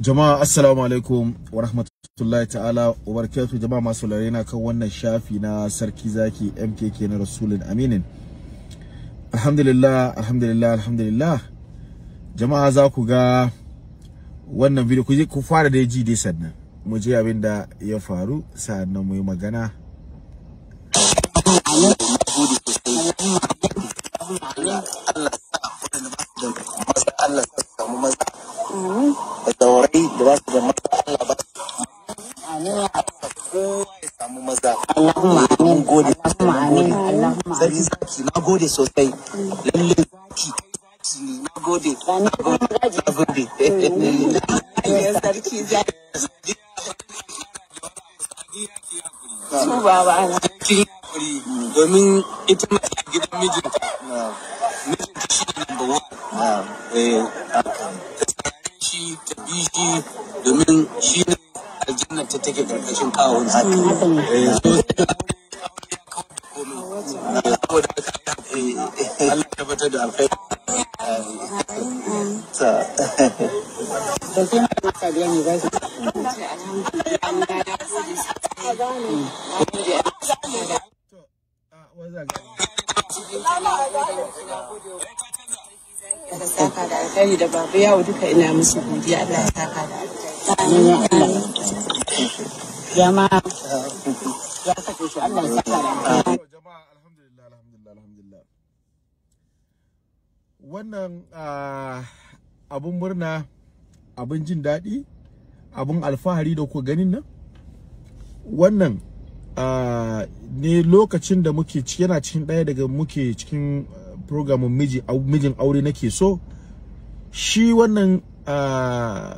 Jama'a assalamu alaikum wa rahmatullahi ta'ala wa barakatuh jama'a masu na kan wannan shafi na sarki zaki MKK na Rasulun Aminin. Alhamdulillah alhamdulillah alhamdulillah. Jama'a za ku ga wannan video ku je ku fara da ji dai sannan mu je abin da ya faru sannan mu yi magana. Allah yes, that a biya wannan ah, abun murna abin jin daɗi abin alfahari da kuka ganin nan wannan ne lokacin da muke yana cikin ɗaya daga muke cikin eh, programin mijin aure nake so shi wannan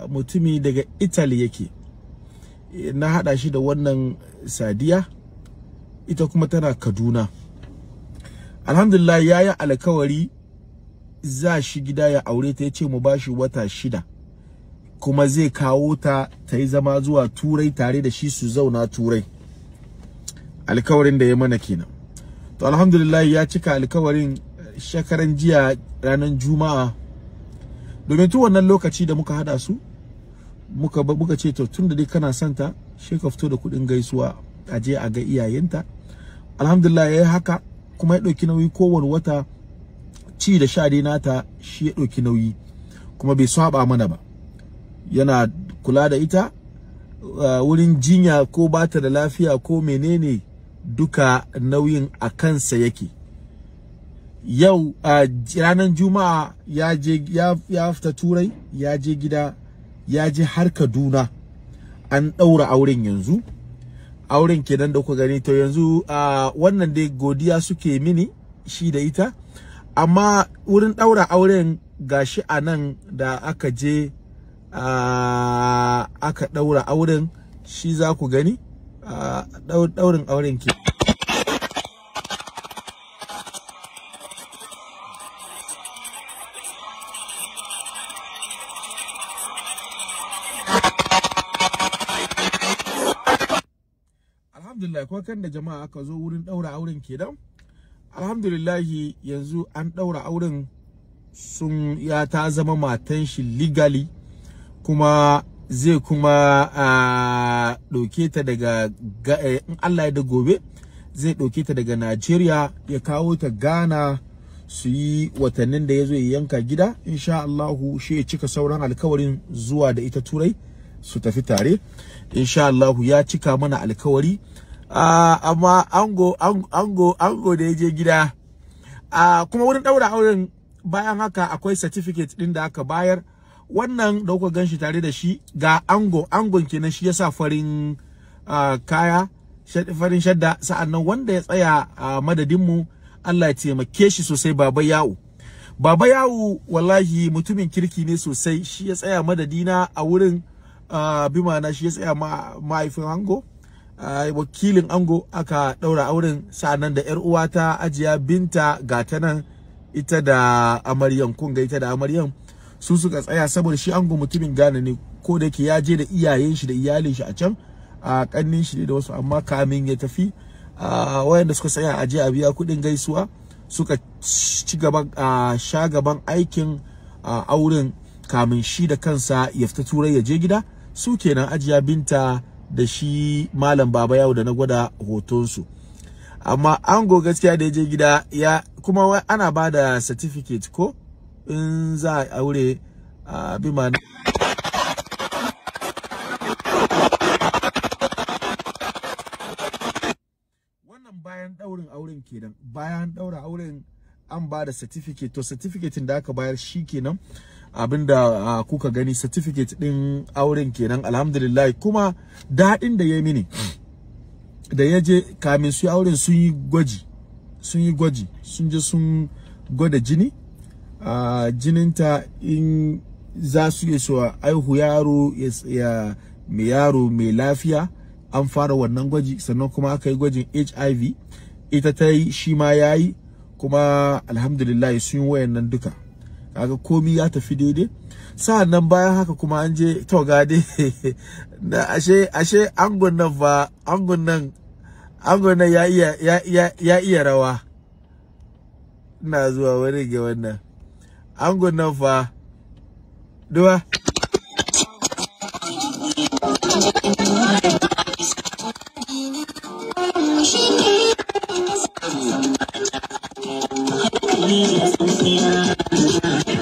mutumi daga italy yake na haɗa shi da wannan sadiya ita kuma tana kaduna alhamdulillah ya yi alkawari za shi gida ya aure ta ya ce mu ba shi wata shida kuma zai kawo ta ta yi zama zuwa turai tare da shi su zauna turai alkawarin da ya mana kenan to alhamdulillah ya cika alkawarin eh, shekaran jiya ranar juma'a domin tun wannan lokaci da muka hada su muka muka ce to tun da dai kana son ta shi ka fito da kuɗin gaisuwa a je a ga iyayenta alhamdulillah ya yi haka kuma ya ɗauki nauyi kowane wata ci da sha dai nata shi ya ɗauki nauyi kuma bai saba mana ba yana kula da ita wurin jinya ko ba ta da lafiya ko menene duka nauyin a kansa yake yau a ranar juma'a ya je ya fita turai ya je gida ya je har kaduna an ɗaura auren yanzu auren kenan da kuka gani to yanzu wannan dai godiya suke mini shi da ita amma wurin ɗaura auren gashi a nan da aka je Ah, aka ɗaura auren shi za ku gani ah, ɗaurin auren ke alhamdulillah ko kan da jama'a aka zo wurin ɗaura auren don alhamdulillahi yanzu an ɗaura auren sun ya ta zama matan shi legally kuma zai kuma a ɗauke ta daga eh, in Allah ya da gobe zai ɗauke ta daga Najeriya ya kawo ta Ghana su yi watannin da ya zo ya yanka gida insha Allahu shi ya cika sauran alkawarin zuwa da ita turai su tafi tare insha Allahu ya cika mana alkawari amma ango ango ango da ya je gida kuma wurin ɗaura auren bayan haka akwai certificate ɗin da aka bayar wannan da kuka ganshi tare da shi ga ango angon kenan shi yasa farin kaya farin shadda sa'annan wanda ya tsaya a madadin mu Allah ya taimake shi sosai baba yawo baba yawo wallahi mutumin kirki ne sosai shi ya tsaya madadina a wurin bi ma'ana shi ya tsaya mahaifin ango wakilin ango aka ɗaura auren sa'annan da 'yar uwata ajiya binta gatanan, ita da amaryan kunga ita da amaryan su suka tsaya saboda shi ango mutumin Ghana ne ko da yake ya je da iyayen shi da iyalin shi a can a kannin shi da wasu amma kamin ya tafi wayanda suka tsaya a je a biya kuɗin gaisuwa suka ci gaban a sha gaban aikin auren kamin shi da kansa ya fita turai ya je gida su kenan ajiya binta da shi malam baba Yau da na gwada hotonsu amma ango gaskiya da ya je gida ya kuma ana ba da certificate ko in za a aure a bi wannan bayan daurin auren kenan bayan daura auren an ba da certificate to certificate da aka bayar shi kenan abinda kuka gani certificate din auren kenan alhamdulillah kuma daɗin da ya yi mini da ya je kamin su auren sun yi gwaji sun yi gwaji sun je sun gwada jini jinin jininta in za su yi so aihu yaro ya mai yaro mai lafiya an fara wannan gwaji sannan kuma aka yi gwajin hiv ita ta yi shi ma ya yi kuma alhamdulillah sun yi wayan nan duka kaga komi ya tafi daidai nan bayan haka kuma an je to ga dai na ashe ashe angon nan ba angon nan angon nan ya iya rawa ina zuwa wani ga wannan I'm good enough for uh, do I?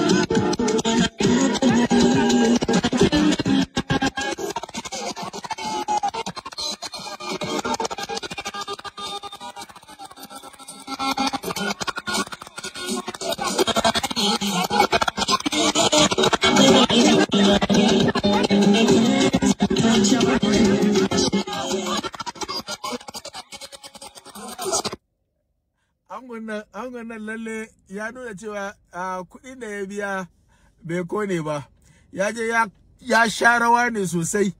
wannan nan lalle ya nuna cewa kuɗin da ya biya bai kone ba ya je ya sha rawa ne sosai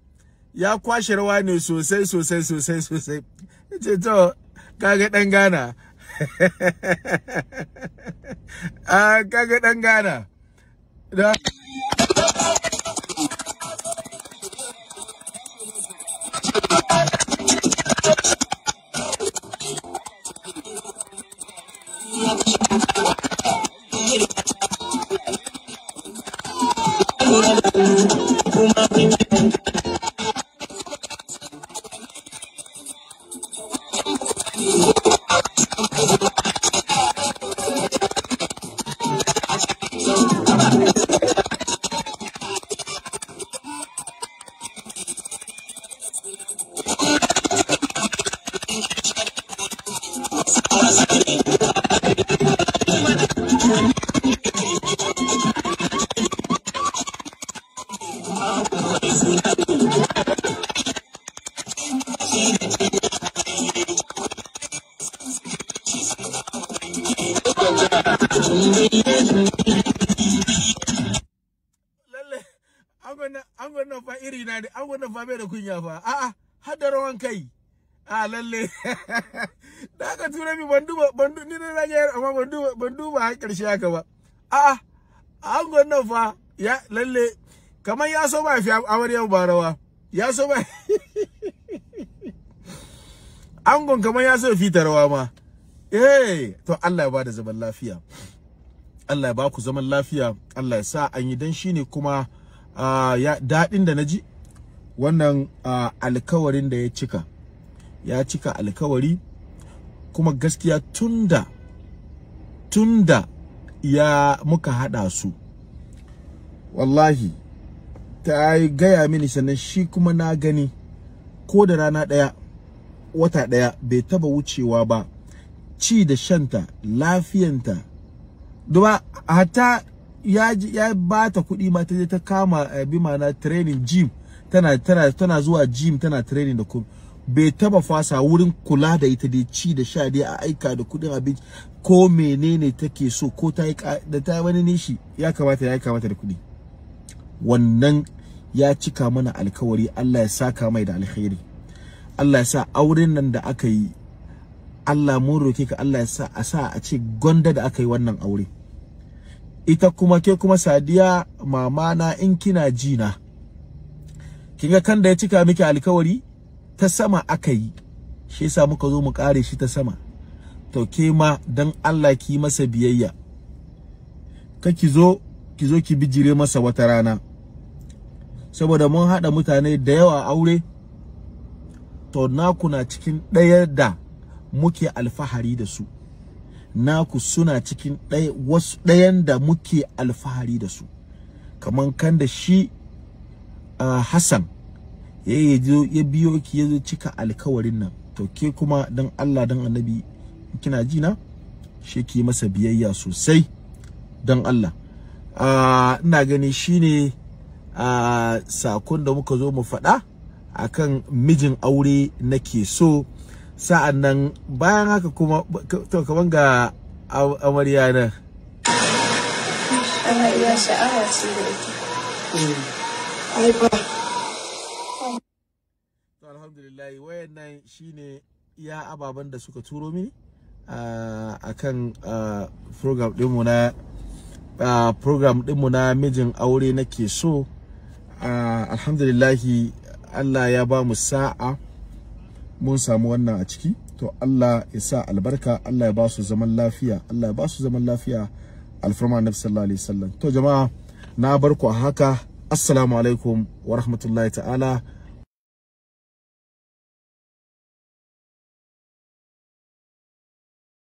ya kwashe rawa ne sosai sosai sosai sosai ce to kaga dan gana kaga dan gana Kuma na an wannan fa bai da kunya fa a'a har da rawan kai a lalle da ka tura mi ban duba ban ni na rage amma ban duba ban duba har karshe haka ba a'a angon nan fa ya lalle kamar ya so ba fi amaryar barawa ya so ba angon kamar ya so fi rawa ma eh to Allah ya bada zaman lafiya Allah ya ba ku zaman lafiya Allah ya sa an yi dan shine kuma uh, ya daɗin da na ji wannan uh, alkawarin da ya cika ya cika alkawari kuma gaskiya tunda tunda ya muka hada su wallahi ta yi gaya mini sannan shi kuma na gani ko da rana ɗaya wata ɗaya bai taba wucewa ba ci da shanta lafiyanta duba hata ya, ba ta kuɗi ma ta je ta kama eh, bi ma'ana training gym tana tana tana zuwa gym tana training da komai bai taba fasa wurin kula da ita dai ci da sha dai a aika da kudin abinci ko menene take so ko ta yi da ta wani nishi ya kamata ya aika mata da kudi wannan ya cika mana alkawari Allah ya saka mai da alkhairi Allah ya sa auren nan da aka yi Allah mun roke ka Allah ya sa a sa a ce gonda da aka yi wannan aure ita kuma ke kuma sadiya mama na in kina jina na kin ga kan da ya cika miki alkawari ta sama aka yi shi yasa muka zo mu kare shi ta sama to ke ma dan Allah ki masa biyayya ka ki zo ki zo ki bijire masa wata rana saboda mun hada mutane da yawa aure to naku na cikin ɗaya da muke alfahari da su naku suna cikin wasu ɗayan da muke alfahari da su kaman kan da shi Hassan ya ya biyo ki ya zo cika alkawarin nan to ke kuma dan Allah dan Annabi kina ji na shi ki masa biyayya sosai dan Allah ina gani shine sakon da muka zo mu faɗa akan mijin aure nake so sa'an nan bayan haka kuma to kaman ga amarya nan amarya sha'awa ce da ita mm. to alhamdulillah wayan nan shine iya ababen da suka turo mini a kan program dinmu na program dinmu na mijin aure na ke so alhamdulillahi Allah ya ba mu sa'a mun samu wannan a ciki to Allah ya sa albarka Allah ya ba su zaman lafiya Allah ya ba su zaman lafiya alfarma annabi sallallahu alaihi wasallam to jama'a na barku a haka السلام عليكم ورحمة الله تعالى